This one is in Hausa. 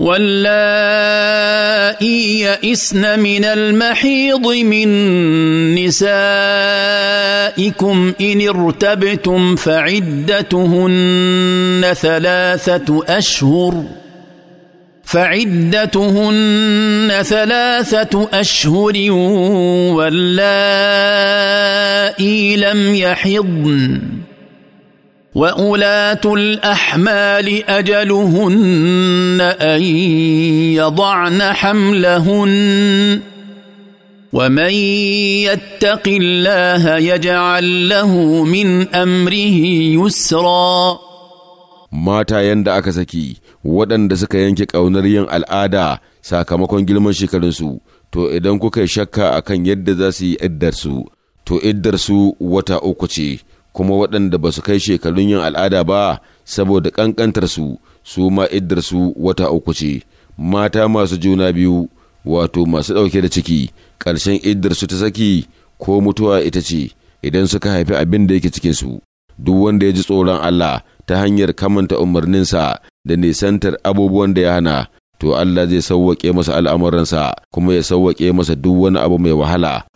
واللائي يئسن من المحيض من نسائكم ان ارتبتم فعدتهن ثلاثه اشهر فعدتهن ثلاثه اشهر واللائي لم يحضن واولات الاحمال اجلهن ان يضعن حملهن ومن يتق الله يجعل له من امره يسرا mata yanda aka saki waɗanda suka yanke ƙaunar yin al'ada sakamakon girman shekarunsu to idan kuka yi shakka akan yadda za su yi iddarsu to iddarsu wata uku ce kuma waɗanda ba su kai shekarun yin al'ada ba saboda ƙanƙantar su su ma iddarsu wata uku ce mata masu juna biyu wato masu ɗauke da ciki ƙarshen iddarsu ta saki ko mutuwa ita ce idan suka haifi abin da yake cikin su duk wanda ya ji tsoron Allah ta hanyar kamanta umarninsa da nisantar abubuwan da ya hana to Allah zai sauwaƙe masa al'amuransa kuma ya sauwaƙe masa duk wani abu mai wahala